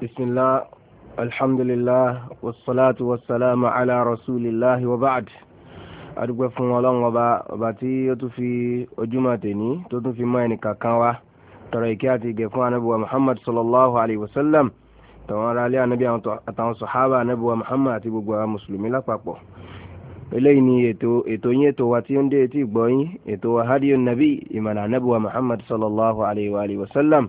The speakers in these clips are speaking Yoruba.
بسم الله الحمد لله والصلاة والسلام على رسول الله وبعد adúgbẹ́ fún ọlọ́run ọba ọba tí ó tún fi ojúmọ́ tèní tó tún fi mọ́ ẹnìkan kan wá tọrọ ìkẹ́ àti ìgẹ̀ fún anábíwá muhammad sallallahu alayhi wa sallam tàwọn ará ilé anábí àtàwọn sọ̀hábà anábíwá muhammad àti gbogbo àwọn mùsùlùmí lápapọ̀ eléyìí ni ètò ètò yín ètò wa tí ó ń dé etí ìgbọ́ yín ètò wa hadiyu nabi ìmọ̀nà anábíwá muhammad sallallahu alayhi wa sallam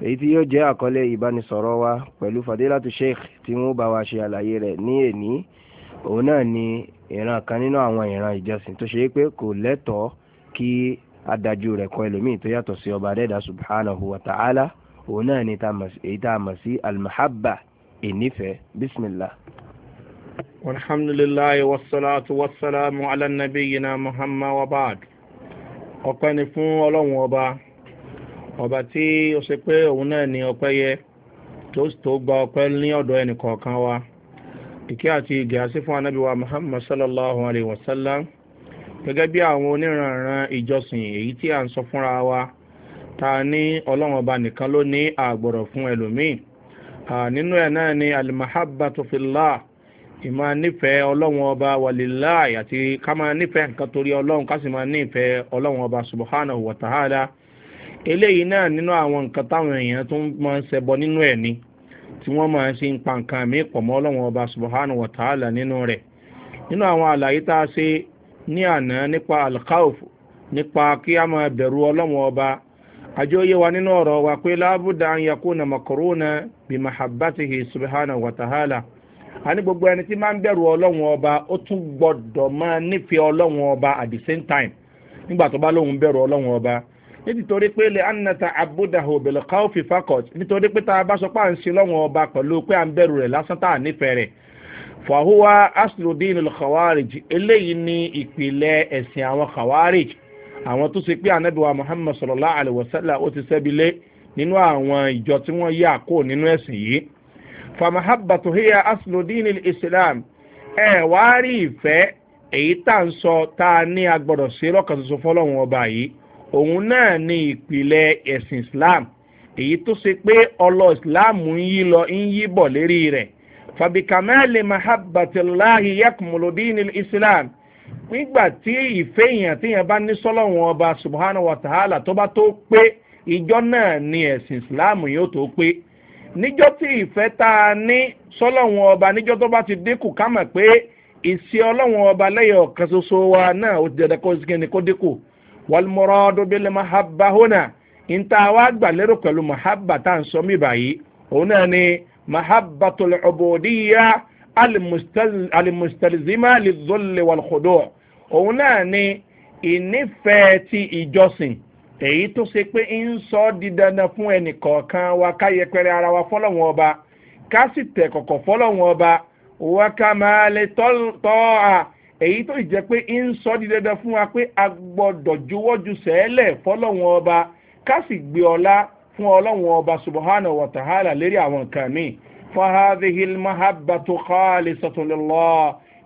èyí tí yóò jẹ́ àkọlé ìbánisọ̀rọ̀ wa pẹ̀lú fadilatu sheikh tí wọ́n bá wa ṣe àlàyé rẹ̀ ní èní òun náà ni ìran kan nínú àwọn ìran ìjọsìn tó ṣe é pé kò lẹ́tọ̀ọ́ kí adájú rẹ̀ kọ ẹlòmíì tó yàtọ̀ sí ọba adẹ́dà subhanahu wa ta'ala òun náà ni èyí tá a mọ̀ sí almahabba ìnífẹ̀ẹ́ bismillah. والحمد لله والصلاة والسلام على نبينا محمد وبعد ọ̀pẹ́ni fún ọlọ́run ọba tí ó ṣe pé òun náà ni ọpẹ́ yẹ tó tó gba ọpẹ́ ní ọ̀dọ̀ ẹnì kọ̀ọ̀kan wa ìkẹ́ àti ìgẹ̀ àti fún anábìwá muhammad sallallahu alayhi wa sallam gẹ́gẹ́ bí àwọn oníranran ìjọsìn èyí tí à ń sọ fúnra wa ta ní ọlọ́run ọba nìkan ló ní àgbọ̀rọ̀ fún ẹlòmíì nínú ẹ̀ náà ni alimahabatufilá ìmọ̀ nífẹ̀ẹ́ ọlọ́run ọba wàlíláì àti ká máa nífẹ̀ẹ́ nǹkan torí ọlọ́run ká sì máa nífẹ̀ẹ́ ọlọ́run ọba subahánahu wa ta'ala. eléyìí náà nínú àwọn nǹkan táwọn èèyàn tó máa ń ṣẹbọ nínú ẹ̀ ni tí wọ́n máa ń ṣe ń pa nǹkan mí pọ̀ mọ́ ọlọ́run ọba subhanahu wa ta'ala nínú rẹ̀ nínú àwọn àlàyé tá a ṣe ní àná nípa alkauf nípa kí a máa bẹ̀rù ọlọ́run ọba àjọ wa nínú ọ̀rọ̀ wa pé lábúdà ń yakú na makaruna bí mahabbatihi subhanahu wa ta'ala a ní gbogbo ẹni tí máa ń bẹ̀rù ọlọ́run ọba ó tún gbọ́dọ̀ máa nífẹ̀ẹ́ ọlọ́run ọba at the same time nígbà tó bá lóun bẹ̀rù ọlọ́run ọba nítorí pé lè anata abudaho belokau fifakot nítorí pé tá a bá sọ pé à ń ṣe lọ́wọ́n ọba pẹ̀lú pé à ń bẹ̀rù rẹ̀ lásán tá à nífẹ̀ẹ́ rẹ̀ fàhùwà asludin khawarij eléyìí ní ìpìlẹ̀ ẹ̀sìn àwọn khawarij àwọn tó ṣe pé anabiwa muhammad sallallahu alayhi wa sallam ó ti sẹ́bilé nínú àwọn ìjọ tí wọ́n yà kó nínú ẹ̀sìn yìí fàmàhábàtò híyà asludin islam ẹ̀ wá ìfẹ́ èyí tá à ń sọ tá a ní agbọ́dọ̀ sí rọ́kàn tuntun fọlọ́run ọba yìí òun náà ni ìpìlẹ̀ ẹ̀sìn islam èyí tó ṣe pé ọlọ islam ń yí lọ ń yí bọ̀ lérí rẹ̀ fabikamẹ́lì mahabatilahi yakumulodinil islam nígbà tí ìfẹ́ èèyàn tí èèyàn bá ní sọ́lọ́wọ́n ọba subhana wa ta'ala tó bá tó pé ìjọ náà ni ẹ̀sìn islam yóò tó pé níjọ́ tí ìfẹ́ tá a ní sọ́lọ́wọ́n ọba níjọ́ tó bá ti dínkù ká mọ̀ pé ìṣe ọlọ́wọ́n ọba lẹ́yìn ọ̀kan ṣoṣo wa náà ó ti dẹ̀dẹ̀ kó kí ni kó dínkù wàlmọ́rọ́dún bíi mahabba hona níta wá gbà lérò pẹ̀lú mahabba tá à ń sọ mí báyìí òun náà ni mahabba tolè ọ̀bọ̀dìyà alimustalzima lizolè wàlúkọ̀dọ̀ òun náà ni ìnífẹ̀ẹ́ ti ìjọsìn èyí tó ṣe pé ń sọ ọ́ di dandan fún ẹnì kọ̀ọ̀kan wa ká yẹpẹrẹ ara wa fọlọ́wọ́n ọba ká sì tẹ̀ kọ̀kọ̀ fọlọ́wọ́n ọba wákàmálẹ̀ tọ́ à. èyí tó jẹ́ pé ń sọ di dandan fún wa pé a gbọ́dọ̀ juwọ́jú sẹ́ẹ̀lẹ̀ fọlọ́wọn ọba ká sì gbé ọlá fún ọlọ́wọn ọba subahana wa ta'ala lérí àwọn nǹkan mi fahadihil mahabatu khali satunlilọ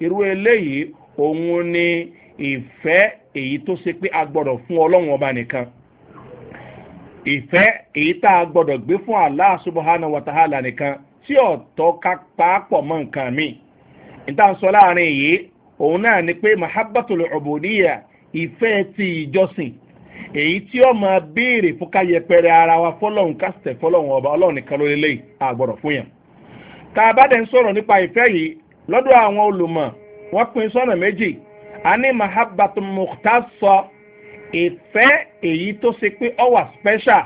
irú eléyìí òun ni ìfẹ́ èyí tó ṣe pé a gbọ́dọ̀ fún ọlọ́wọn ọba nìkan ìfẹ́ èyí tá a gbọ́dọ̀ gbé fún allah subahana wa ta'ala nìkan tí ọ̀tọ́ ká pàápọ̀ mọ́ nǹkan mi ìtàn sọ láàrin yìí òun náà ni pé mahabbatul ọ̀bùnìyà ìfẹ́ ti ìjọsìn èyí tí ó máa béèrè fún ká yẹpẹrẹ ara wa fọlọ́hún kaste sẹ̀ fọlọ́hún ọba ọlọ́run nìkan ló lélẹ́yìn àgbọ̀rọ̀ fún yàn. tá a bá dẹ̀ ń sọ̀rọ̀ nípa ìfẹ́ yìí lọ́dọ̀ àwọn olùmọ̀ wọ́n pin sọ́nà méjì a ní mahabbatul mukhtar sọ ìfẹ́ èyí tó ṣe pé ọ wà special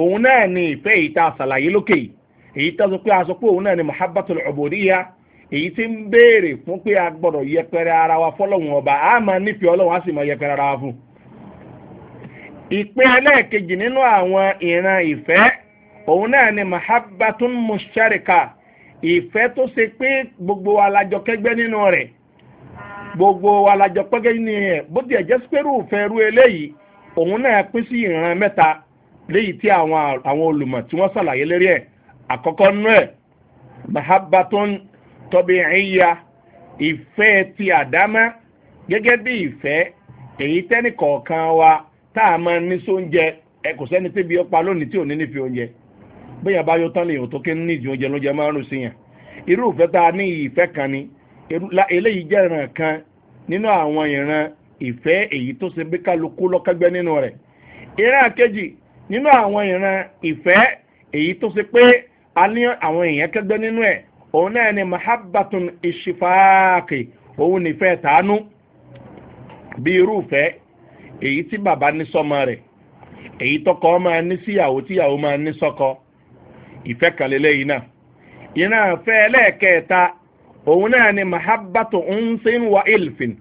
òun náà ni ìfẹ́ èyí tá a ṣàlàyé lókè èyí tó ṣe pé a sọ pé èyí tí ń béèrè fún pé a gbọ́dọ̀ yẹpẹrẹ ara wa fọ́lọ́hún ọba a máa nífẹ̀ẹ́ ọlọ́run a sì máa yẹpẹrẹ ara wa fún. ìpín ẹlẹ́ẹ̀kejì nínú àwọn ìran ìfẹ́ òun náà ni mahabbatun musharika ìfẹ́ tó ṣe pé gbogbo wa kẹgbẹ́ nínú gbogbo wa pẹ́gẹ́ nínú rẹ̀ bó tiẹ̀ jẹ́ sípẹ́rù fẹ́rú eléyìí òun náà pín sí ìran mẹ́ta léyìí tí àwọn olùmọ̀ tí wọ́n tọ́bí ẹ̀yà ìfẹ́ ti àdámá gẹ́gẹ́ bí ìfẹ́ èyí tẹ́nì kọ̀ọ̀kan wa tá a máa ní sóúnjẹ ẹ kò sẹ́ni tí bí ó pa lónìí tí ò ní nífi oúnjẹ bóyá bá yọ tán lè yòó tó kí ní ìdí oúnjẹ lóúnjẹ máa ń rò sí yàn irú ìfẹ́ tá a ní ìfẹ́ kan ni eléyìí jẹ́ ìran kan nínú àwọn ìran ìfẹ́ èyí tó ṣe bí kálukú lọ́kẹ́gbẹ́ nínú rẹ̀ ìran kejì nínú àwọn ìran ìfẹ́ èyí tó ṣe pé a ní àwọn èèyàn kẹgbẹ́ nínú ẹ̀ òun náà ni mahabbatun ìṣìfàákì òun nífẹ̀ẹ́ tàánú bí irúfẹ́ èyí tí bàbá ní sọmọ rẹ̀ èyí tọkọ máa ní síyàwó tíyàwó máa ní sọkọ ìfẹ́ kan lélẹ́yìí náà yìí náà fẹ́ ẹlẹ́ẹ̀kẹta òun náà ni mahabbatu wa ilfin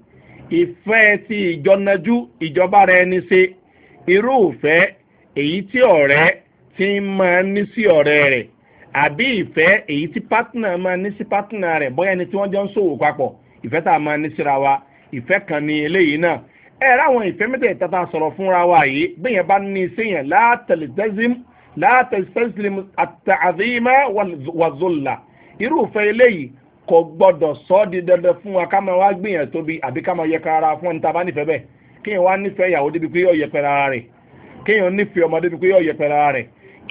ìfẹ́ ti ìjọnajú ìjọba rẹ ní ṣe irúfẹ́ èyí tí ọ̀rẹ́ ti máa ní sí ọ̀rẹ́ rẹ̀ àbí ìfẹ́ èyí tí pátínà máa ní sí pátínà rẹ̀ bóyá ẹni tí wọ́n jọ ń ṣòwò papọ̀ ìfẹ́ tá a máa ní síra wa ìfẹ́ kan ní eléyìí náà ẹ ráwọn ìfẹ́ mẹ́tẹ̀ẹ̀ta tá a sọ̀rọ̀ fúnra wa yìí bẹ́yẹn bá ní sẹ́yìn látẹ̀lẹ́tẹ́sìm látẹ̀lẹ́tẹ́sìm àtàdéyìmá wàzọ́là irúfẹ́ eléyìí kò gbọ́dọ̀ sọ ọ́ di dandan fún wa ká máa wá gbìyàn tóbi àbí ká máa yẹka ara fún ẹni tá a bá nífẹ̀ẹ́ bẹ́ẹ̀ kéèyàn wá nífẹ̀ẹ́ ìyàwó débi pé yóò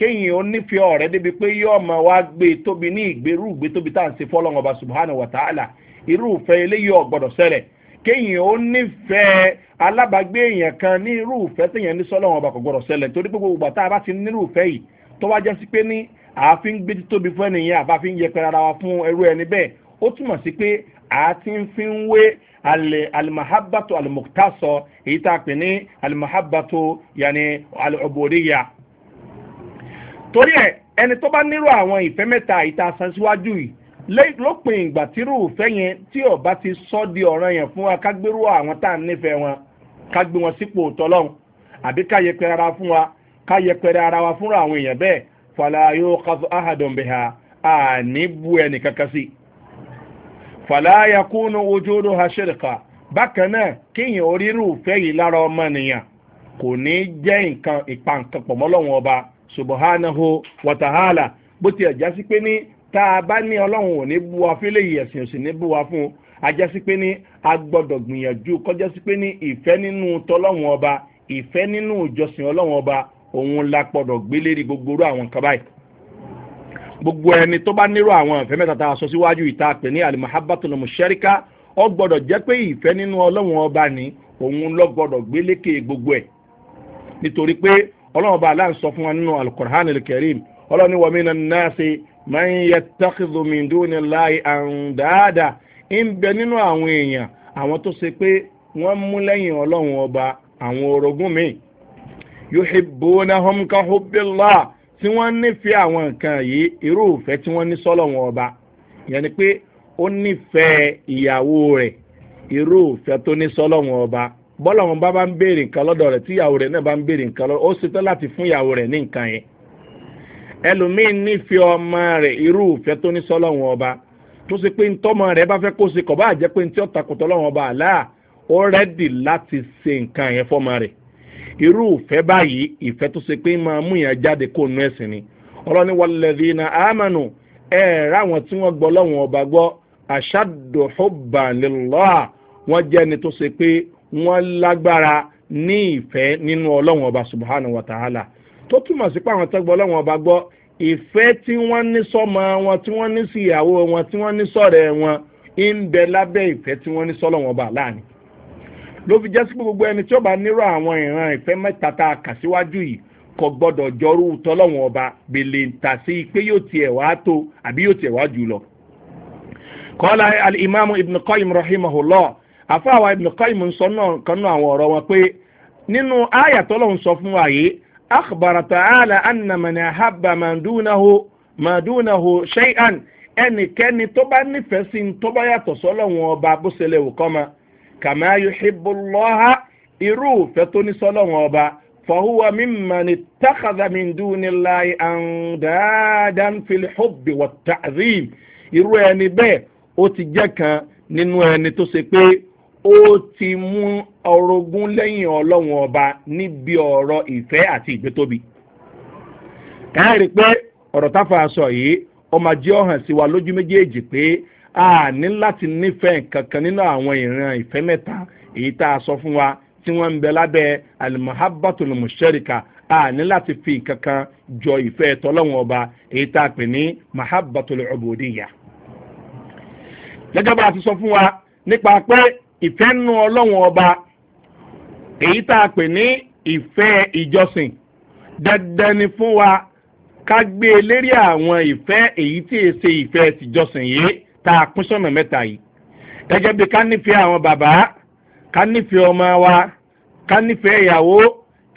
kéyìn ó nífẹ̀ẹ́ ọ̀rẹ́ débi pé yóò mọ̀ wá gbé tóbi ní ìgbérú ìgbé tóbi tá à ń se fọ́lọ́n ọba subhana wa ta'ala irúfẹ́ eléyìí ọ̀gbọ̀dọ̀ sẹ́lẹ̀ kéyìn ó nífẹ̀ẹ́ alábàágbé èèyàn kan ní irúfẹ́ téèyàn ní sọ́lọ́n ọba kò gbọ́dọ̀ sẹ́lẹ̀ torí pé gbogbo àtàwọn bá ti ní irúfẹ́ yìí tó wá jẹ́ sí pé ní àáfin gbé títóbi fún ẹnìyẹn àbáfin yẹpẹrẹ ara wa fún ẹrú ẹni bẹ́ẹ̀ ó túmọ̀ sí pé àti ń fi ń wé alimahabatu alimuktasọ èyí tá a pè ní alimahabatu yanni alubodiya torí ẹ ẹni tó bá nírò àwọn ìfẹ́ mẹ́ta ìta san yìí lópin ìgbà tírú ìfẹ́ yẹn tí ọba ti sọ di ọ̀ràn yẹn fún wa ká àwọn tá à ń wọn ká gbé wọn sípò tọ́lọ́hún àbí ká yẹpẹrẹ ara fún wa ká yẹpẹrẹ ara wa àwọn èèyàn bẹ́ẹ̀ àní bu kankan sí. subhanahu wa ta'ala bó ti ẹ̀já sí pé ní tá a bá ní ọlọ́run ò ní bú wa fún eléyìí ẹ̀sìn ò sì ní bú wa fún un ajá sí pé ní a gbọ́dọ̀ gbìyànjú kọjá sí pé ní ìfẹ́ nínú tọ́lọ́run ọba ìfẹ́ nínú ìjọsìn ọlọ́run ọba òun la gbọ́dọ̀ gbé lérí gbogbo orú àwọn nǹkan báyìí gbogbo ẹni tó bá nírò àwọn ìfẹ́ mẹ́ta tá a sọ síwájú ìta pè ní alimahabatulamu sẹ́ríkà ọ gbọ́dọ̀ jẹ́ pé ìfẹ́ nínú ọlọ́run ọba ni òun lọ gbọ́dọ̀ gbé gbogbo ẹ̀ nítorí pé ọlọ́run bá aláǹ sọ fún wa nínú alukur'an alkarim ọlọ́run ni wàmí náà náà máa ń yẹ tàkìzùmíndó ní láì àrùn ń bẹ nínú àwọn èèyàn àwọn tó ṣe pé wọ́n mú ọba àwọn orogún mi yóò bó tí wọ́n nífẹ̀ẹ́ àwọn nǹkan bọ́lá wọn bá bá ń béèrè nǹkan lọ́dọ̀ rẹ̀ tí ìyàwó rẹ̀ náà bá ń béèrè nǹkan lọ́dọ̀ ó ṣetán láti fún ìyàwó rẹ̀ ní nǹkan yẹn ẹlòmíín nífẹ̀ẹ́ ọmọ rẹ̀ irú ìfẹ́ tó ní sọ́lọ́wọ́n ọba tó ṣe pé ntọ́mọ rẹ̀ bá fẹ́ kó ṣe kọ̀ bá jẹ́ pé ntí ọ̀tàkùtọ̀ lọ́wọ́n ọba àlá ó rẹ́dì láti ṣe nǹkan yẹn fọ́mọ rẹ̀ irú ìfẹ́ báyìí ìfẹ́ tó ṣe pé máa mú yẹn jáde kó nu ẹ̀sìn ni ọlọ́ni wàlẹ́dì iná àmànù ẹ̀ ráwọn tí wọ́n gbọ́ lọ́wọ́n ọba gbọ́ àṣàdùhùbà nílọ́à wọ́n jẹ́ ni tó ṣe pé wọ́n lágbára ní ìfẹ́ nínú ọlọ́run ọba subhanahu wa ta'ala tó túmọ̀ sí pé àwọn tẹ́gbọ́ ọlọ́run ọba gbọ́ ìfẹ́ tí wọ́n ní sọ́mọ wọn tí wọ́n ní sí ìyàwó wọn tí wọ́n ní sọ̀rẹ́ wọn ń bẹ lábẹ́ ìfẹ́ tí wọ́n ní sọ́lọ́run ọba láàánú ló fi jẹ́ sí pé gbogbo ẹni tí ó bá nírò àwọn ìran ìfẹ́ mẹ́ta tá a kà síwájú yìí kò gbọ́dọ̀ jọrú tọ́lọ́wọ́n ọba bèlè ta sí pé yóò tiẹ̀ wá tó àbí yóò tiẹ̀ wá jù lọ. kọ́lá alimami ibn qayyim rahimahullah àfáàwà ibùdó káyìmù ń sọ náà kan náà àwọn ọ̀rọ̀ wọn pé nínú àyà tọ́lọ̀ ń sọ fún wa yìí akhbarata ala anna man ahabba madunahu madunahu shay'an ẹnikẹ́ni tó bá nífẹ̀ẹ́ sí ní tó bá yàtọ̀ sọ́lọ́hún ọba bó ṣe lè wò kọ́ lọ́ha irú ìfẹ́ tó ní sọ́lọ́hún ọba fọ̀húwa mímọ̀ni tákàdàmíndú ní láì àǹdáadáa ń fili hóbì wọ̀ tààzìm irú ẹni bẹ́ẹ̀ ó ti jẹ́ kan nínú ẹni tó ṣe pé ó ti mú orogún lẹ́yìn ọlọ́run ọba níbi ọ̀rọ̀ ìfẹ́ àti ìgbétóbi káàrí pé ọ̀rọ̀ táfà sọ yìí ó máa jẹ́ ọ̀hàn sí wa lójú méjèèjì pé a ní láti nífẹ̀ẹ́ kankan nínú àwọn ìran ìfẹ́ mẹ́ta èyí tá a sọ fún wa tí wọ́n ń bẹ lábẹ́ alimahabatul musharika a ní láti fi kankan jọ ìfẹ́ tọ́lọ́wọ́n ọba èyí tá a pè ní mahabatul ọbọdìyà. gẹ́gẹ́ bá a ti sọ fún wa nípa pé ìfẹ́nu ọlọ́run ọba èyí tá a pè ní ìfẹ́ ìjọsìn dandan ni fún wa ká gbé e lérí àwọn ìfẹ́ èyí tí è ṣe ìfẹ́ tìjọsìn yìí tá a pín sọ́nà mẹ́ta yìí gẹ́gẹ́ bí ká nífẹ̀ẹ́ àwọn bàbá ká nífẹ̀ẹ́ ọmọ wa ká nífẹ̀ẹ́ ìyàwó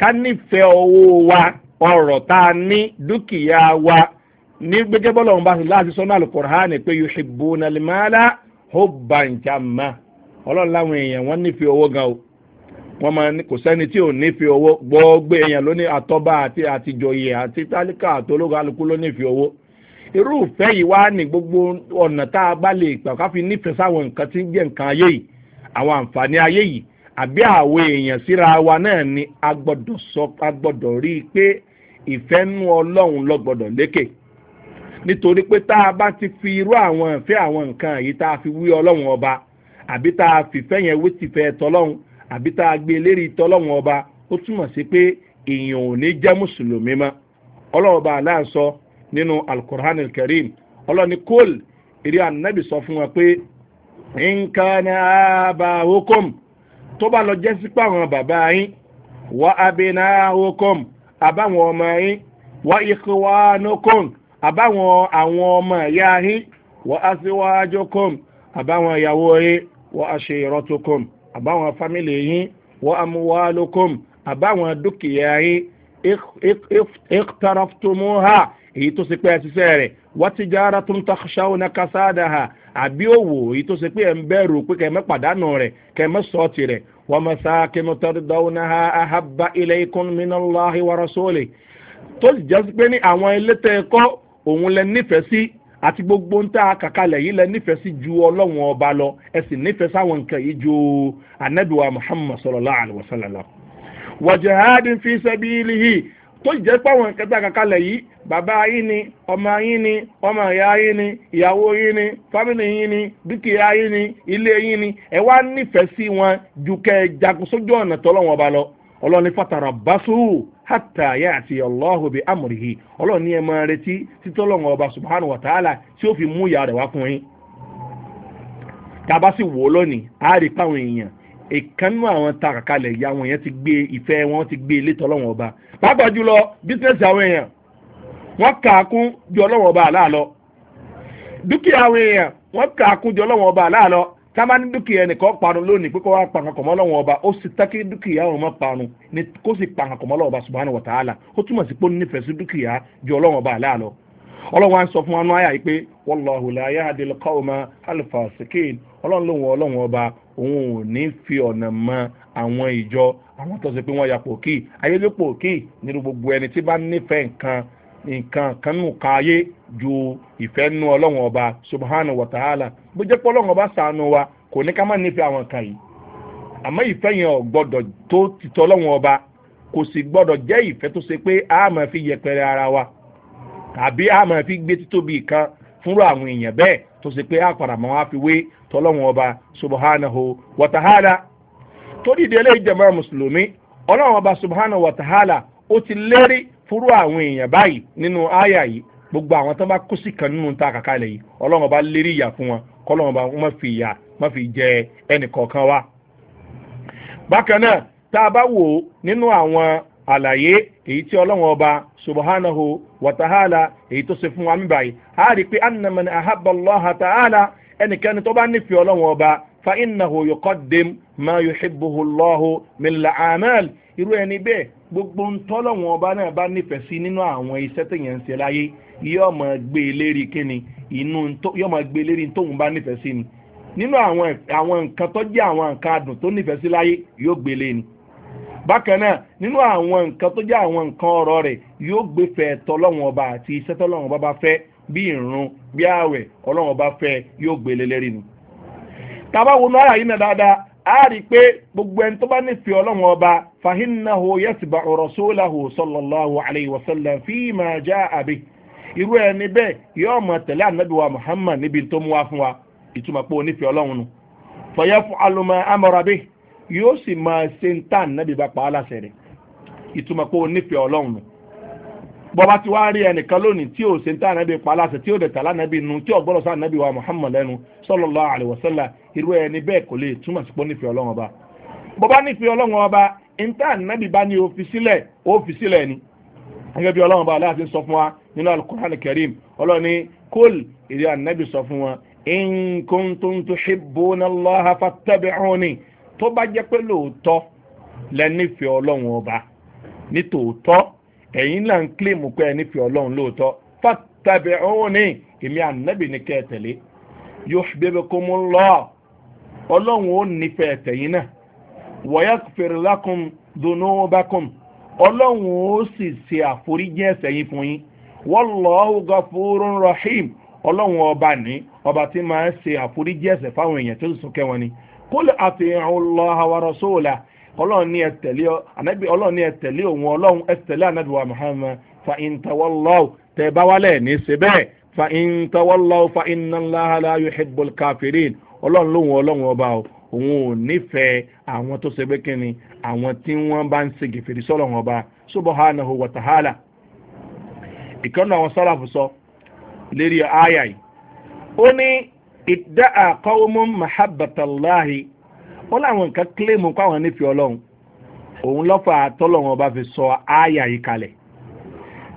ká nífẹ̀ẹ́ owó wa ọ̀rọ̀ tá a ní dúkìá wa ní gbẹgẹ́ bọ́lọ̀ ń bá sọ láti sọ́nà àlùkò hàn ní pé yóò ṣe bùnà lè máa lá ó bàǹjà máa ọlọ́run láwọn èèyàn wọ́n nífẹ̀ẹ́ owó gan o wọ́n máa ní kò sẹ́ni tí ò nífẹ̀ẹ́ owó gbọ́ọ́gbé èèyàn ló ní àtọ́ba àti àtijọ́yè àti tálíkà àtológo alukú ló nífẹ̀ẹ́ owó irú ìfẹ́ yìí wá ní gbogbo ọ̀nà tá a bá lè gbà ká fi nífẹ̀ẹ́ sáwọn nǹkan tí ń jẹ́ nǹkan ayé yìí àwọn àǹfààní ayé yìí àbí àwọn èèyàn síra wa náà ni a gbọ́dọ̀ sọ a gbọ́dọ̀ rí i pé ìfẹ́ nú ọlọ́run lọ gbọ́dọ̀ lékè nítorí pé tá a bá ti fi irú àwọn ìfẹ́ àwọn nǹkan yìí tá a fi wí ọlọ́run ọba àbí tá a fìfẹ́ yẹn wé tìfẹ́ tọlọ́hún àbí tá a gbé lérí tọlọ́hún ọba ó túmọ̀ sí pé èèyàn ò ní jẹ́ mùsùlùmí mọ́ ọlọ́ọ̀ba aláǹsọ nínú alukur'an kareem ọlọ́ni kóòlù eré ànábì sọ fún wa pé nǹkan ààbà okom tó bá lọ jẹ́ sípò àwọn bàbá yín wà abẹ́nà okom àbáwọn ọmọ yín wà ìkọwà nokom àbáwọn àwọn ọmọ ìyá yín wà aṣíwájú kom àbáwọn ìyàwó yín wa ashiratukum àbáwọn fámìlì yín wa amwalukum àbáwọn dúkìá yín iqtaraftumuha èyí tó ṣe pé ẹṣiṣẹ́ rẹ̀ wátìjára tó ń taṣáwó na kásáàdà ha àbí òwò èyí tó ṣe pé ẹ̀ ń bẹ̀rù pé kẹ̀mẹ́ pàdánù rẹ̀ kẹ̀mẹ́ sọ́ọ̀tì rẹ̀ wọ́n mọ̀ sáà kẹ̀mẹ́ tọ́jú dáwọ́nà ha ahaba ilẹ̀ ikún minalahi warasoli tó sì jásí pé ní àwọn ilé tẹ́ ẹ̀kọ́ òun lẹ nífẹ̀ẹ́ sí àti gbogbo ń tá a kàkalẹ̀ yìí lẹ nífẹ̀ẹ́ sí ju ọlọ́run ọba lọ ẹ sì nífẹ̀ẹ́ sáwọn nǹkan yìí ju anabiwa muhammad sọlọ́lá àlùwọ̀sálàlá wàjàhádìn fi sẹ́bi ilihi tó jẹ́ pàwọn nǹkan tá a kàkalẹ̀ yìí bàbá yín ni ọmọ yín ni ọmọ ìyá yín ni ìyàwó yín ni fámìlì yín ni dúkìá yín ni ilé yín ni ẹ wá nífẹ̀ẹ́ sí wọn ju kẹ sójú ọ̀nà tọ́lọ́run ọba lọ ọlọ́ni fatara basu hatta ya'ti Allahu bi amrihi ọlọ́run ní ẹ máa retí títí ọlọ́run ọba subhanahu wa ta'ala tí ó fi mú ìyá rẹ̀ wá fún yín. tàbá sì wò ó lónìí a rí páwọn èèyàn ìkànnú àwọn tàkàkalẹ̀ ìyá wọn yẹn ti gbé ìfẹ́ wọn ti gbé ilé tọ́lọ́run ọba pàápàá jùlọ bísíǹsì àwọn èèyàn wọ́n kà á kún ọba àlá dúkìá àwọn èèyàn wọ́n kà á kún ọba àlá ká bá ní dúkìá ẹnìkan parun lónìí pé kó wá pa kankan mọ́lọ́wọ́ ọba ó sì tẹ́kí dúkìá ọ̀run mọ́ parun ni kó sì pa kankan mọ́lọ́wọ́ ọba subahana wa ta'ala ó túmọ̀ sí pé ó nífẹ̀ẹ́ sí dúkìá ju ọlọ́wọ́ ọba àlá lọ. ọlọ́wọ́ à ń sọ fún wa nú àyà yìí pé wọ́lọ́hu la yá adìl kọ́ọ̀mà alifa sikin ọlọ́run lòun ọlọ́wọ́ ọba òun ò ní fi ọ̀nà mọ àwọn ìjọ àwọn tó ṣe pé wọ́n ya pòkì ayélujápòkì nínú gbogbo ẹni tí bá nífẹ̀ẹ́ nǹkan nǹkan kan nù káyé ju ìfẹ́ nú ọlọ́run ọba subhanahu wa ta'ala bó jẹ́ pé ọlọ́run ọba sànù wa kò ní ká má nífẹ̀ẹ́ àwọn kan yìí àmọ́ ìfẹ́ yẹn ò gbọ́dọ̀ tó titọ́ ọlọ́run ọba kò sì gbọ́dọ̀ jẹ́ ìfẹ́ tó ṣe pé a máa fi yẹpẹrẹ ara wa tàbí a máa fi gbé títóbi kan fúnra àwọn èèyàn bẹ́ẹ̀ tó ṣe pé a padà máa wá fi wé tọ́lọ́run ọba subhanahu wa ta'ala torí ìdí eléyìí jẹ̀mọ́ mùsùlùmí ọlọ́run ọba subhanahu wa ta'ala ó ti lérí fúrú àwọn èèyàn báyìí nínú àyà yìí gbogbo àwọn tó bá kó sí kan nínú ta kàkálẹ̀ yìí ọlọ́run ọba lérí ìyà fún wọn kọ́lọ́run ọba wọn fi ìyà wọn fi jẹ ẹnìkọ̀ọ̀kan wa. bákan náà tá a bá wò ó nínú àwọn àlàyé èyí tí ọlọ́run ọba subahánahu wàtàhálà èyí tó ṣe fún wa míbàyí a rí i pé anamani ahabalọ́ha tàhálà ẹnikẹ́ni tó bá nífẹ̀ẹ́ ọlọ́run ọba fa ináhu yóò kọ́ dem máa yóò xibuhu lọ́hu mi làámẹ́l irú ẹni bẹ́ẹ̀ gbogbo ń tọ́lọ́wọ́n ọba náà bá nífẹ̀ẹ́ sí nínú àwọn iṣẹ́ tẹ̀yẹ̀ ń ṣe láyé yóò máa gbé e lérí kíni inú yóò máa gbé e lérí tóun bá nífẹ̀ẹ́ sí ni nínú àwọn nǹkan tó jẹ́ àwọn nǹkan adùn tó nífẹ̀ẹ́ sí láyé yóò gbé e lé ni bákan náà nínú àwọn nǹkan tó jẹ́ àwọn nǹkan ọ̀rọ̀ rẹ̀ yóò gbé fẹ́ tọ́lọ́wọ́n ọba àti iṣẹ́ tọ́lọ́wọ́n ọba bá fẹ́ bí ìrun bí ààwẹ̀ ọlọ́wọ́n ọba fẹ́ yóò gbé e lé lérí ni tàbá wo náírà yìí náà dáadáa a rí i pé gbogbo ẹni tó bá nífẹ̀ẹ́ ọlọ́run ọba fahinnahu yasba rasulahu sallallahu alayhi wa sallam fíìmà já àbí irú ẹni bẹ́ẹ̀ yóò mọ̀ tẹ̀lé ànábì wa muhammad níbi tó mú wa fún wa ìtumọ̀ pé onífẹ̀ẹ́ ọlọ́run nu fọyẹ́ fún alùmọ̀ amọ̀ràbí yóò sì máa ṣe ń tà nábì bá pa á láṣẹ rẹ̀ ìtumọ̀ pé onífẹ̀ẹ́ ọlọ́run nu bọba ti wá rí ẹnìkan lónìí tí ò ṣe ń tà nábì pa á láṣẹ tí ò dẹ̀ tà lánàbì nu tí ò gbọ́dọ̀ sá nábì wa muhammad lẹ́nu sọ́lọ́lá àlè wọ́sẹ́lá irú ẹni bẹ́ẹ̀ kò lè túmọ̀ sí pé ó nífẹ̀ẹ́ ọlọ́run ọba bó bá nífẹ̀ẹ́ ọlọ́run ọba níta nábì bá ní òfin sílẹ̀ òfin sílẹ̀ ni gẹ́gẹ́ bí ọlọ́run ọba aláàfin sọ fún wa nínú alukur'an kẹrim ọlọ́run ní kóòl ìdí ànábì sọ fún wa nkuntun ṣibúna lọ́ha fatabi'uni tó bá jẹ́ pé lóòótọ́ lẹ́nífẹ̀ẹ́ ọlọ́run ọba nítòótọ́ ẹ̀yin náà ń kílèmù pé ẹnífẹ̀ẹ́ ọlọ́run lóòótọ́ fatabi'uni èmi ànábì ní kẹ́ẹ̀tẹ̀lé yóò fi bẹ́ẹ̀ bẹ́ẹ̀ kó mú lọ́ọ̀ ọlọ́run ó nífẹ̀ẹ́ tẹ̀yìn náà wọ́yá fèrèlákùn dunúbákùn ọlọ́run ó sì ṣe àforíjì ẹ̀sẹ̀ yín fún yín wọ́n lọ́ọ́ gafurun rahim ọlọ́run ọba ní ọba tí máa ń ṣe àforíjì ẹ̀sẹ̀ fáwọn èèyàn tó sì sún kẹ́wọn ni kó lè àfihàn lọ àwárọ̀ sóòlà ọlọ́run ní ẹ tẹ̀lé òun ọlọ́run ẹ tẹ̀lé anábìwá muhammad fa intawọ́lọ́ọ̀ tẹ̀ bá ní ṣe fa intawọ́lọ́ọ̀ fa iná ọlọ́run lóhun ọlọ́run ọba o òun ò nífẹ̀ẹ́ àwọn tó ṣe pé kíni àwọn tí wọ́n bá ń ṣe gèfèrè sọ́lọ́run ọba subahánahu wàtàhálà ìkànnì àwọn sálàfù sọ lérí àyà yìí ó ní ìdá àkọ́wọ́mú mahabbatalahi ó láwọn nǹkan kílèmù kó àwọn nífẹ̀ẹ́ ọlọ́run òun lọ́fà tọ́lọ́run ọba fi sọ àyà yìí kalẹ̀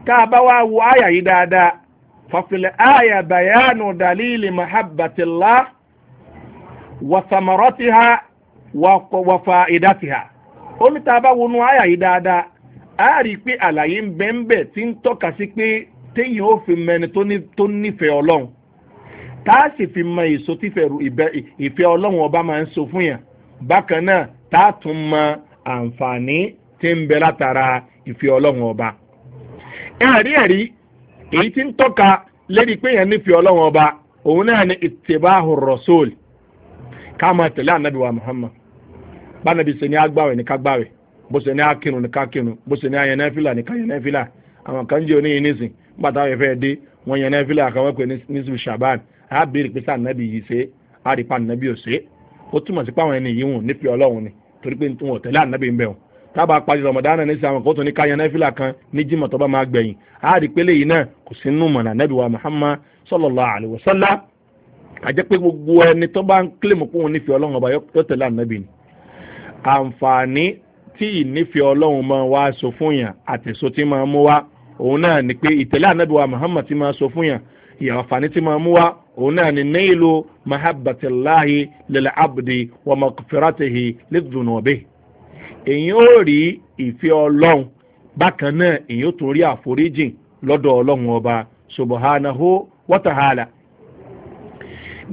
tá a bá wá wo àyà yìí dáadáa fàfilẹ̀ àyà bàyánù dàlílì mahabbatalahi wàsàmọ̀rọ́tì ha wàfà ìdásí ha ó ní tá a bá wọnú àyà yìí dáadáa a rí i pé àlàyé ń bẹ́ ń bẹ̀ tí ń tọ́ka sí pé téèyàn ó fi mẹni tó nífẹ̀ẹ́ ọlọ́run tá a sì fi mọ èso tífẹ̀rù ìfẹ́ ọlọ́run ọba máa ń so fún yàn bákan náà tá a tún mọ àǹfààní tí ń bẹ látara ìfẹ́ ọlọ́run ọba ẹ̀rí ẹ̀rí èyí tí ń tọ́ka lérí pé yẹn nífẹ̀ẹ́ ọlọ́run ọba òun náà ni ìtìbáhùn rọ̀sọ́ọ̀lì ká máa tẹ̀lé ànábì wa muhammad bánabi ṣe ní agbáwẹ̀ ní ká gbáwẹ̀ bó ṣe ní akírun ní ká kírun bó ṣe ní ayẹnẹfìlà ní ká yẹnẹfìlà àwọn kan jẹ́ oníyìn nísìn nígbà táwọn fẹ́ dé wọn yẹnẹfìlà kan wọ́n pè ní sùn shaban á béèrè pé sáà nàbì yìí ṣe á rí pa nàbì ò ṣe ó túmọ̀ sí pàwọn ẹni yìí wọn nífẹ̀ẹ́ ọlọ́run ni torí pé wọn ò tẹ̀lé ànábì ń bẹ̀ wọn tábà pàṣẹ kan ní kan ní tó bá máa gbẹ̀yìn rí wa muhammad àjẹ́ pé gbogbo ẹni tó bá ń kílèmù pé òun nífẹ̀ẹ́ ọlọ́run ọba yóò tẹ̀lé ànábì ni àǹfààní tí ìnífẹ̀ẹ́ ọlọ́run máa wá sọ fún yàn àtẹ̀sọ tí máa mú wá òun náà ni pé ìtẹ̀lé ànábì wa muhammad ti máa sọ fún yàn ìyàwó àǹfààní tí máa mú wá òun náà ni nílò mahabbatilahi lil abdi wa makfiratihi lidunobe èyí ó rí ìfẹ́ ọlọ́run bákan náà èyí ó tún rí àforíjìn lọ́dọ̀ ọlọ́run ọba subahánahu wọ́tàhálà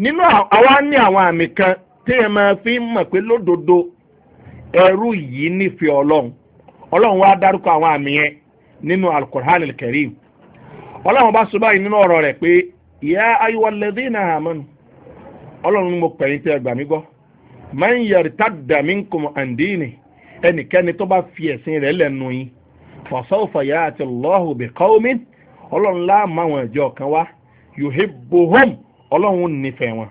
nínú àwa ní àwọn àmì kan téèyàn máa fi ń mọ̀ pé lódodo ẹrú yìí nífẹ̀ẹ́ ọlọ́run ọlọ́run wá dárúkọ àwọn àmì yẹn nínú alukur'an kẹrìm ọlọ́run bá sọ báyìí nínú ọ̀rọ̀ rẹ̀ pé ìyá ayíwá lẹ́dí náà àmọ́nu ọlọ́run mo pẹ̀yìn tẹ́ gbàmí gbọ́ máa ń yẹrì tàdàmí kùn àǹdíìnì ẹnikẹ́ni tó bá fi ẹ̀sìn rẹ̀ lẹ́nu yín fọ̀sọ́fọ̀ yá àti lọ́hùn bẹ̀kọ́ omi ọlọ́run láàmú àwọn ìjọ kan wá bohom ọlọ́run nífẹ̀ẹ́ wọn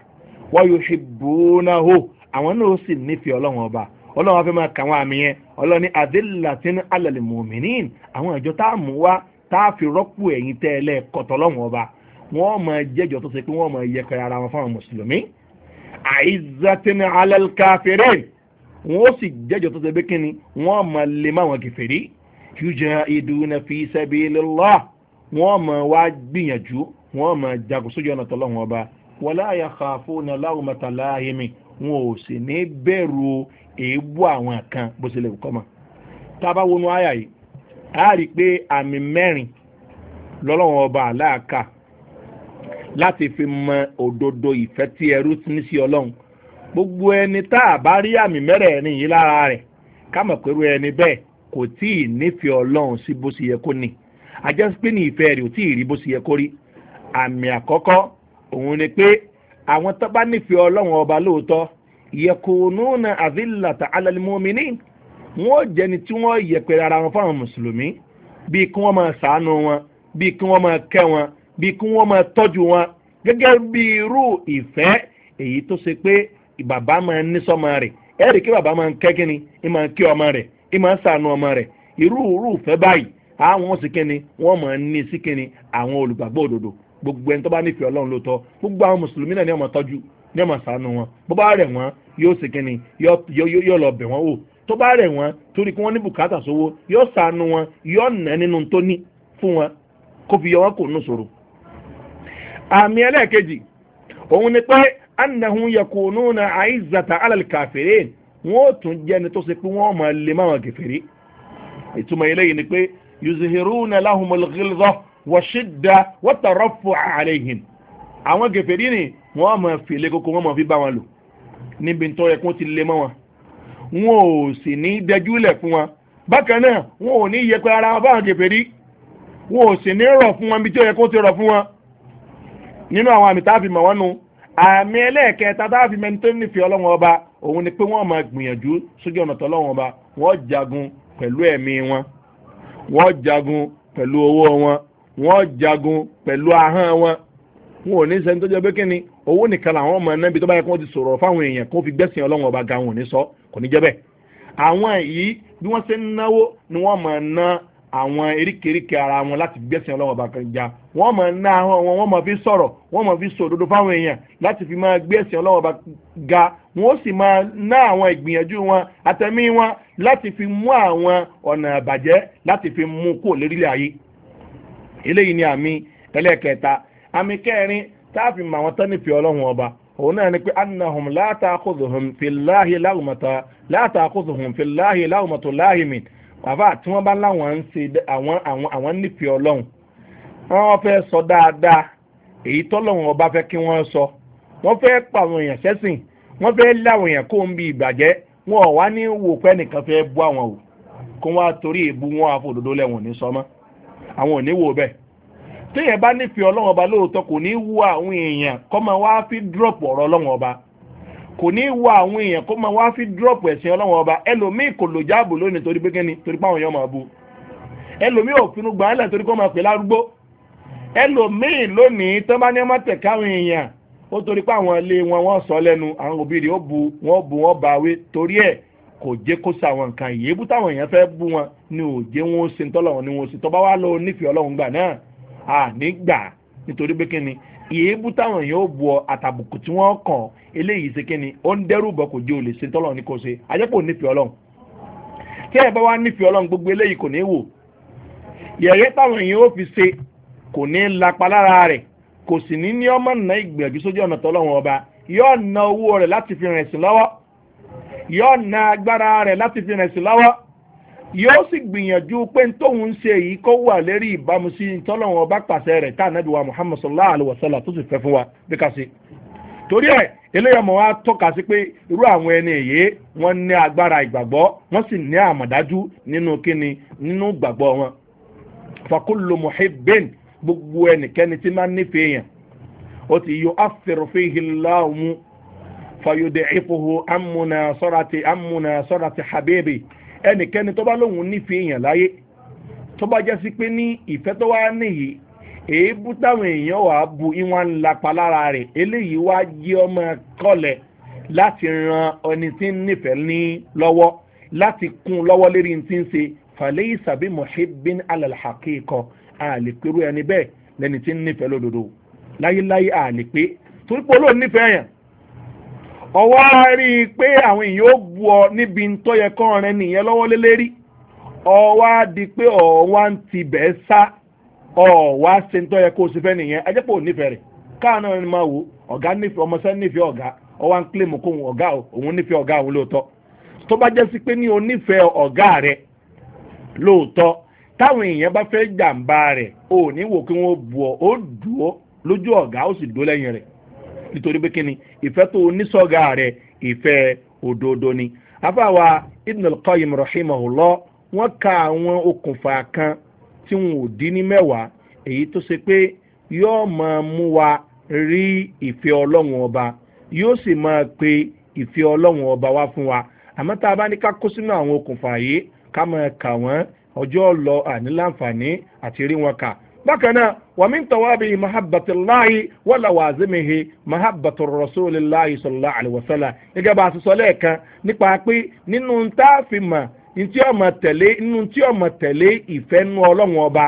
wọ́n yóò ṣe bónáhó àwọn náà sì nífẹ̀ẹ́ ọlọ́run ọba ọlọ́run wọn fẹ́ máa kà wọ́n àmì yẹn ọlọ́run ní adélatin alẹ́lẹ́ mọ̀mìnín àwọn ìjọ tá a mú wá tá a fi rọ́pò ẹ̀yìn tẹ́lẹ̀ kọ̀tọ̀ ọlọ́run ọba wọ́n máa jẹ́jọ́ tó ṣe pé wọ́n máa yẹkọ̀ ara wọn fáwọn mùsùlùmí àìzàtin alẹ́lkàfẹ́rẹ́ wọ́n sì wọ́n máa jagun sójú ọ̀nà tọ́lọ́wọ́n ọba wọlé àyàkà fún aláwọ̀ mẹ́ta láàyèmí wọn ò sì ní bẹ̀rù èébú àwọn kan bó ṣe lè kọ́ mọ̀ tá a bá wọnú àyà yìí a rí i pé àmì mẹ́rin lọ́lọ́wọ́n ọba àláàkà láti fi mọ òdodo ìfẹ́ tí ẹrú ní sí ọlọ́run gbogbo ẹni tá a bá rí àmì mẹ́rẹ̀ẹ̀rin yìí lára rẹ̀ ká pẹ̀lú ẹni bẹ́ẹ̀ kò tí ì nífẹ̀ẹ́ ọlọ́run sí bó ṣe yẹ kó ní àjẹsí pé ní ìfẹ́ rẹ̀ ò tí ì rí bó ṣe yẹ kó rí àmì àkọ́kọ́ òun ni pé àwọn tó bá nífẹ̀ẹ́ ọlọ́run ọba lóòótọ́ yẹkùnúnà àdìlàtà alálìmọ́mìnì wọn ò jẹni tí wọn yẹpẹrẹ ara wọn fáwọn mùsùlùmí bíi kí wọn máa sàánú wọn bíi kí wọn máa kẹ wọn bíi kí wọn máa tọ́jú wọn gẹ́gẹ́ bíi irú ìfẹ́ èyí tó ṣe pé bàbá máa ní sọ́mọ rẹ̀ ẹ̀rì kí bàbá máa ń kẹ́ kínni ẹ máa ń kí ọmọ rẹ̀ ẹ máa ń sàánú ọmọ rẹ̀ irú irú ìfẹ́ báyìí àwọn sì kínni wọ́n máa ń ní sí kínni àwọn olùgbàgbọ́ òdòdó gbogbo ẹni tó bá nífẹ̀ẹ́ ọlọ́run ló tọ́ gbogbo àwọn mùsùlùmí náà ní ọmọ tọ́jú ní ọmọ sànú wọn bó bá rẹ̀ wọ́n yóò ṣe kínni yóò lọ bẹ̀ wọ́n wò tó bá rẹ̀ wọ́n torí kí wọ́n ní bùkátà sówó yóò sànú wọn yóò nà nínú tó ní fún wọn kó fi yọ wọn kò nù sòrò. àmì ẹlẹ́ẹ̀kejì òun ni pé anahun wọn ò tún tó ṣe wọ̀ṣídà wọ́tàrọ́fù àlẹ́yìn àwọn gẹ̀fẹ̀rí ni wọ́n mọ̀ fi lé kókó wọ́n mọ̀ fi bá wọn lò níbi tó yẹ kó ti lé mọ́ wọn wọn ò sì ní dẹjúlẹ̀ fún wọn bákan náà wọn ò ní yẹpẹ ara wọn báwọn gẹ̀fẹ̀rí wọn ò sì ní rọ̀ fún wọn bí tó yẹ kó ti rọ̀ fún wọn nínú àwọn àmì táàfin mọ̀ wọ́n nu àmì ẹlẹ́ẹ̀kẹta táàfin mẹ́ni tó nífẹ̀ẹ́ ọlọ́wọ́n ọba òun ni pé wọ́n máa gbìyànjú sójú ọ̀nà tọ́lọ́wọ́n ọba wọ́n jagun pẹ̀lú ẹ̀mí wọn wọ́n jagun pẹ̀lú owó wọn wọ́n jagun pẹ̀lú ahọ́n wọn wọn ò ní sẹ́ni tó jẹ́ pé kíni owó nìkan làwọn ọmọ náà bí tó bá yẹ kí wọ́n ti sọ̀rọ̀ fáwọn èèyàn kó fi gbẹ́sìn ọlọ́run ọba ga wọn ò ní sọ kò ní jẹ́ bẹ́ẹ̀ àwọn yìí bí wọ́n ṣe ń náwó ni wọ́n mọ̀ ná àwọn eríkèéríkè ara wọn láti gbẹ́sìn ọlọ́run ọba kan já wọ́n mọ̀ ná ahọ́n wọn wọ́n mọ̀ fi sọ̀rọ̀ wọ́n mọ̀ fi sòdodo fáwọn èèyàn láti fi máa gbẹ́sìn ọlọ́run ọba ga wọ́n sì máa ná àwọn ìgbìyànjú wọn àtẹ̀mí wọn láti fi mú àwọn ọ̀nà àbàjẹ́ láti fi mú kó lérílẹ̀ ayé eléyìí ni àmì ẹlẹ́kẹta àmì kẹrin táàfin mọ àwọn tánìfì ọlọ́run ọba òun náà ni pé anahum látàkùzùhùn fìláhì láwùmọ̀tà látàkùzùhùn fìláhì láwùmọ̀tò láhìmì bàbá tí wọ́n bá láwọn ń ṣe àwọn àwọn àwọn nífì ọlọ́run wọ́n fẹ́ sọ dáadáa èyí tọ́lọ́run ọba fẹ́ kí wọ́n sọ wọ́n fẹ́ pa àwọn èèyàn sẹ́sìn wọ́n fẹ́ láwọn èèyàn kó ń ìbàjẹ́ wọn ò wá ní wò pẹ́ nìkan fẹ́ bú àwọn o kó wọ́n torí èébú wọn àfòdodo lẹ́wọ̀n ní sọmọ́. àwọn ò ní wò bẹ́ẹ̀ téèyàn bá nífẹ̀ẹ́ ọlọ́wọ́n ọba lóòótọ́ kò ní àwọn èèyàn kọ́ fi dúrọ̀pù ọ̀rọ̀ ọlọ́wọ́n ọba kò ní wo àwọn èèyàn kọ́ máa wá fi dúrọ̀pù ẹ̀sìn ọlọ́wọ́n ọba ẹlòmíì kò lò jáàbù lónìí torí pé kíni torí páwọn bu ẹlòmíì òfin gbà torí máa pè lárúgbó ẹlòmíì lónìí tó bá ní ọmọ èèyàn ó kò jẹ́ kó sa àwọn nǹkan ìyébú táwọn èèyàn fẹ́ bú wọn ni ò jẹ́ wọn ó se ń tọ́lọ́wọ́n ni wọn ó se tọ́ bá wá lọ nífẹ̀ẹ́ ọlọ́run gbà náà ànígbà nítorí pé kí ni ìyébú táwọn èèyàn ó bu ọ àtàbùkù tí wọ́n kàn eléyìí ṣe kí ni ó ń dẹ́rù bọ̀ kò jẹ́ ò lè se tọ́lọ́run ni kò ṣe àjẹpọ̀ nífẹ̀ẹ́ ọlọ́run tí ẹ bá wá nífẹ̀ẹ́ ọlọ́run gbogbo eléyìí kò ní wò yẹ̀yẹ́ táwọn èèyàn ó fi ṣe kò ní lapa lára rẹ̀ kò sì ní ní ọmọ nà ìgbìyànjú sójú ọ̀nà tọ́lọ́run ọba yóò na owó rẹ̀ láti fi rìn sí lọ́wọ́ yóò na agbára rẹ̀ láti fi rìn sí lọ́wọ́ yóò sì gbìyànjú pé tóun ń ṣe èyí kó wà lérí ìbámu sí tọ́lọ́wọ́n ọba pàṣẹ rẹ̀ tá ànábì wa muhammed sallallahu alayhi wa sallam tó sì fẹ́ fún wa bí ká torí ẹ eléyàmọ̀ wa tọ́ka sí pé irú àwọn ẹni èyí wọ́n ní agbára ìgbàgbọ́ wọ́n sì ní àmọ̀dájú nínú kíni nínú wọn. fakulu gbogbo ẹnikẹ́ni fàyọ̀dẹ̀ ìfòhò amúnà sọ́ràtì amúnà حبيبي habibi ẹnikẹ́ni tó bá lóun nífẹ̀ẹ́ èèyàn láyé tó bá jẹ́ sí pé ní ìfẹ́ tó wá níyì èébú táwọn èèyàn wàá bu ìwọ̀n ńlapa lára rẹ̀ eléyìí wá jẹ́ ọmọ kọ́lẹ̀ láti ran ẹni tí ń nífẹ̀ẹ́ ní lọ́wọ́ láti kún lọ́wọ́ lérí ti ń ṣe fàlẹ́ ìsàbí mọ̀ṣẹ́bín alàlàkè kọ àlèpẹ̀rù ẹni bẹ́ẹ̀ lẹ́ni tí ń nífẹ̀ẹ́ lódodo láyéláyé àlèpé torípò olóònífẹ̀ẹ́ yẹn ọwọ́ á rí i pé àwọn èèyàn ó bu ọ níbi tó yẹ kán rẹ nìyẹn lọ́wọ́ lélẹ́rí di pé ọ̀wá ń sá ọ̀wá ṣe yẹ kó o ṣe fẹ́ nìyẹn ẹ jẹ́ pé ò nífẹ̀ẹ́ rẹ̀ káà náà ni máa wò ọ̀gá nífẹ̀ẹ́ ọmọọṣẹ́ nífẹ̀ẹ́ ọ̀gá ọwọ́ à ń kílèmù kó ọ̀gá òun nífẹ̀ẹ́ ọ̀gá òun lóòótọ́ tó bá jẹ́ sí pé ní onífẹ̀ẹ́ ọ̀gá rẹ̀ lóòótọ́ táwọn èèyàn bá fẹ́ jàǹbá rẹ̀ wò kí wọ́n bu ọ ó dùn ó lójú ọ̀gá ìfẹ́ tó onísọ̀gà rẹ̀ ìfẹ́ òdodo ni. afáwa ibn al-qayyim rahimahulọ wọn ka àwọn okùnfà kan tí wọn ò dín ní mẹ́wàá èyí tó ṣe pé yóò máa mú wa rí ìfẹ́ ọlọ́run ọba yóò sì máa pe ìfẹ́ ọlọ́run ọba wá fún wa àmọ́ tá a bá ní ká kó sínú àwọn okùnfà yìí ká máa kà wọ́n ọjọ́ lọ àní láǹfààní àti rí wọn kà bákan náà wàmí tọ́wábì mahabbatullahi wàlà wàzimihi mahabbatu rasulillahi sallallahu alayhi wa sallam gẹ́gẹ́ bá a sọ lẹ́ẹ̀kan nípa pé nínú táàfìmà ntí ọmọ tẹ̀lé nínú ntí ọmọ tẹ̀lé ìfẹ́ nu ọlọ́run ọba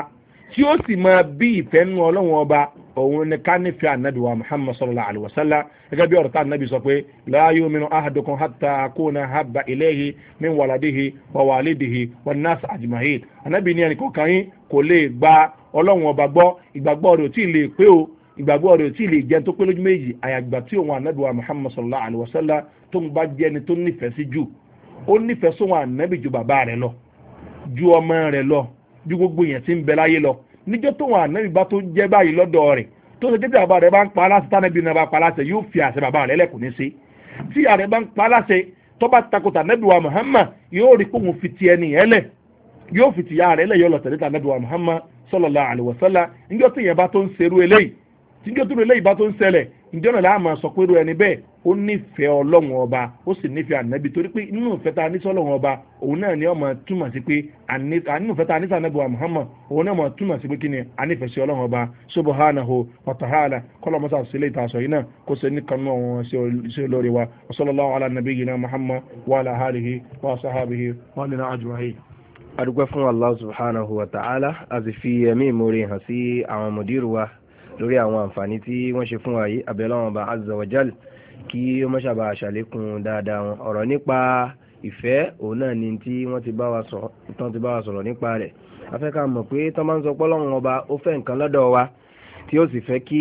tí ó sì máa bí ìfẹ́ nu ọlọ́run ọba òun ni ká nífẹ̀ẹ́ ànábì wa muhammad sallallahu alayhi wa sallam gẹ́gẹ́ bí ọ̀rọ̀ tá ànábì sọ pé láàyò mìíràn ahàdùkún hàtà àkóónà hàbà iléhi ní wàládìhi wà wàlídìhi wà nàásì àjùmáhì ànábì ní ẹnìkan kan yín kò lè gba ọlọ́run ọba gbọ́ ìgbàgbọ́ rẹ̀ ò tí ì lè pé o ìgbàgbọ́ rẹ̀ ò tí ì lè jẹ́ tó pé lójú méjì àyàgbà tí òun ànábì wa muhammad sallallahu alayhi wa sallam tó ń níjọ́ tó wọn ànábì bá tó jẹ́ báyìí lọ́dọ̀ rẹ̀ tó ṣe jẹ́jẹ́ bàbá rẹ̀ bá ń pa aláṣẹ tánàbí náà bá pa aláṣẹ yóò fi àṣẹ bàbá rẹ̀ lẹ́kùn ní sí tí ààrẹ bá ń pa aláṣẹ tó bá takòtà nẹ́bìwá muhammad yóò rí kóhun fi ti ẹni yẹn lẹ̀ yóò fi tìyà rẹ̀ lẹ̀ yọ lọ tẹ̀lé ta nẹ́bìwá muhammad sọlọ́lá àlùwọ̀sálà níjọ́ tó yẹn bá tó ń serú eléyìí níjọ́ tó eléyìí bá tó ń ṣẹlẹ̀ ìjọ́nà láàmú sọ pé irú ẹni bẹ́ẹ̀ ó nífẹ̀ẹ́ ọlọ́run ọba ó sì nífẹ̀ẹ́ ànábì torí pé inú ìfẹ́ ta níṣẹ́ ọlọ́run ọba òun náà ni ọmọ túmọ̀ sí pé inú ìfẹ́ ta níṣẹ́ ànábì wa muhammad òun náà mọ̀ túmọ̀ sí pé kí ni anífẹ̀ẹ́ sí ọlọ́run ọba subahánahu ọ̀tàhálà kọ́lọ́mọ́sá sílẹ̀ ìta sọ yìí náà kó ṣe ní kanú àwọn ṣe lórí wa wasalaam ala nabi yina muhammad wa ala lórí àwọn àǹfààní tí wọ́n ṣe fún wa yìí abẹ́lọ́wọ́n bá azza wa jal kí ó má ṣàbà ṣàlékún dáadáa wọn ọ̀rọ̀ nípa ìfẹ́ òun náà ni tí wọ́n ti bá wa sọ̀rọ̀ nípa rẹ̀ afẹ́ ká mọ̀ pé tọ́ máa ń sọ pọ́lọ́run ọba ó fẹ́ nǹkan lọ́dọ̀ wa tí ó sì fẹ́ kí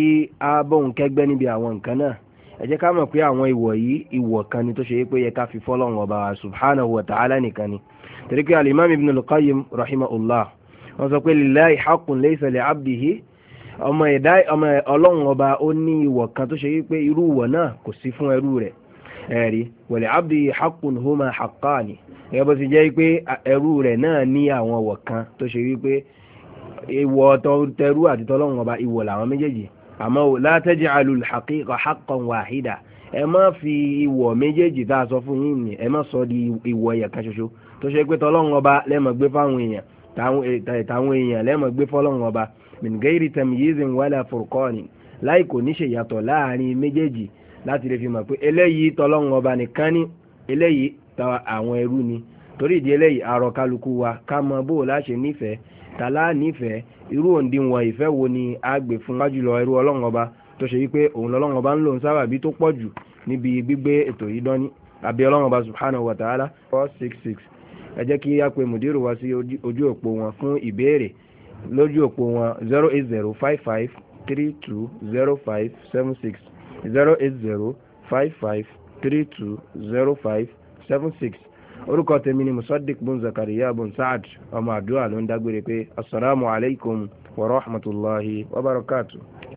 á bóun kẹ́gbẹ́ níbi àwọn nǹkan náà ẹ jẹ́ ká mọ̀ pé àwọn ìwọ̀ yìí ìwọ̀ kan ni tó ṣe pé yẹ ká fi fọ́lọ́run ọba wa wa ta'ala nìkan ni torí pé alimami ibn al-qayyim rahimahullah wọ́n sọ pé lillahi haqqun laysa li abdihi ọmọ ẹ̀dá ọmọ ọlọ́run ọba ó ní ìwọ̀ kan tó ṣe wípé irú ìwọ̀ náà kò sí fún ẹrú rẹ̀ ẹ̀rí wẹ̀lẹ̀ abdi hakun huma hakani ẹ bó ti jẹ́ pé ẹrú rẹ̀ náà ní àwọn ìwọ̀ kan tó ṣe wípé ìwọ̀ tẹrú àti tọlọ́run ọba ìwọ̀ làwọn méjèèjì àmọ́ la fi ìwọ̀ méjèèjì tá a sọ fún yín ni ẹ má sọ di ìwọ̀ ẹ̀yà kan ṣoṣo tó ṣe pé tọlọ́run ọba lẹ́mọ̀ gbé min gairi tamyizin wala furqani láì kò ní ṣèyàtọ̀ láàrin méjèèjì láti lè fi mọ̀ pé eléyìí tọlọ́run ọba nìkan ni eléyìí ta àwọn ẹrú ni torí ìdí eléyìí àrọ kálukú wa ká mọ bó o láṣẹ nífẹ̀ẹ́ tàlá nífẹ̀ẹ́ irú òǹdíwọ̀n ìfẹ́ wo ni a gbè fún wájúlọ ẹrú ọlọ́run ọba tó ṣe wípé òun lọ́lọ́run ọba ń lò ń sábàbí tó níbi gbígbé ètò yìí dání àbí ọlọ́run ọba subhanahu wa ta'ala four six six ẹ jẹ́ kí a pe mùdírù wá sí ojú òpó wọn fún ìbéèrè lójú òpó wọn 08055320576 08055320576 zero five musaddiq bun zakariya bun saad ọmọ àdúrà ló ń dágbére pé asalaamualeykum wa rahmatulahi wa barakatu.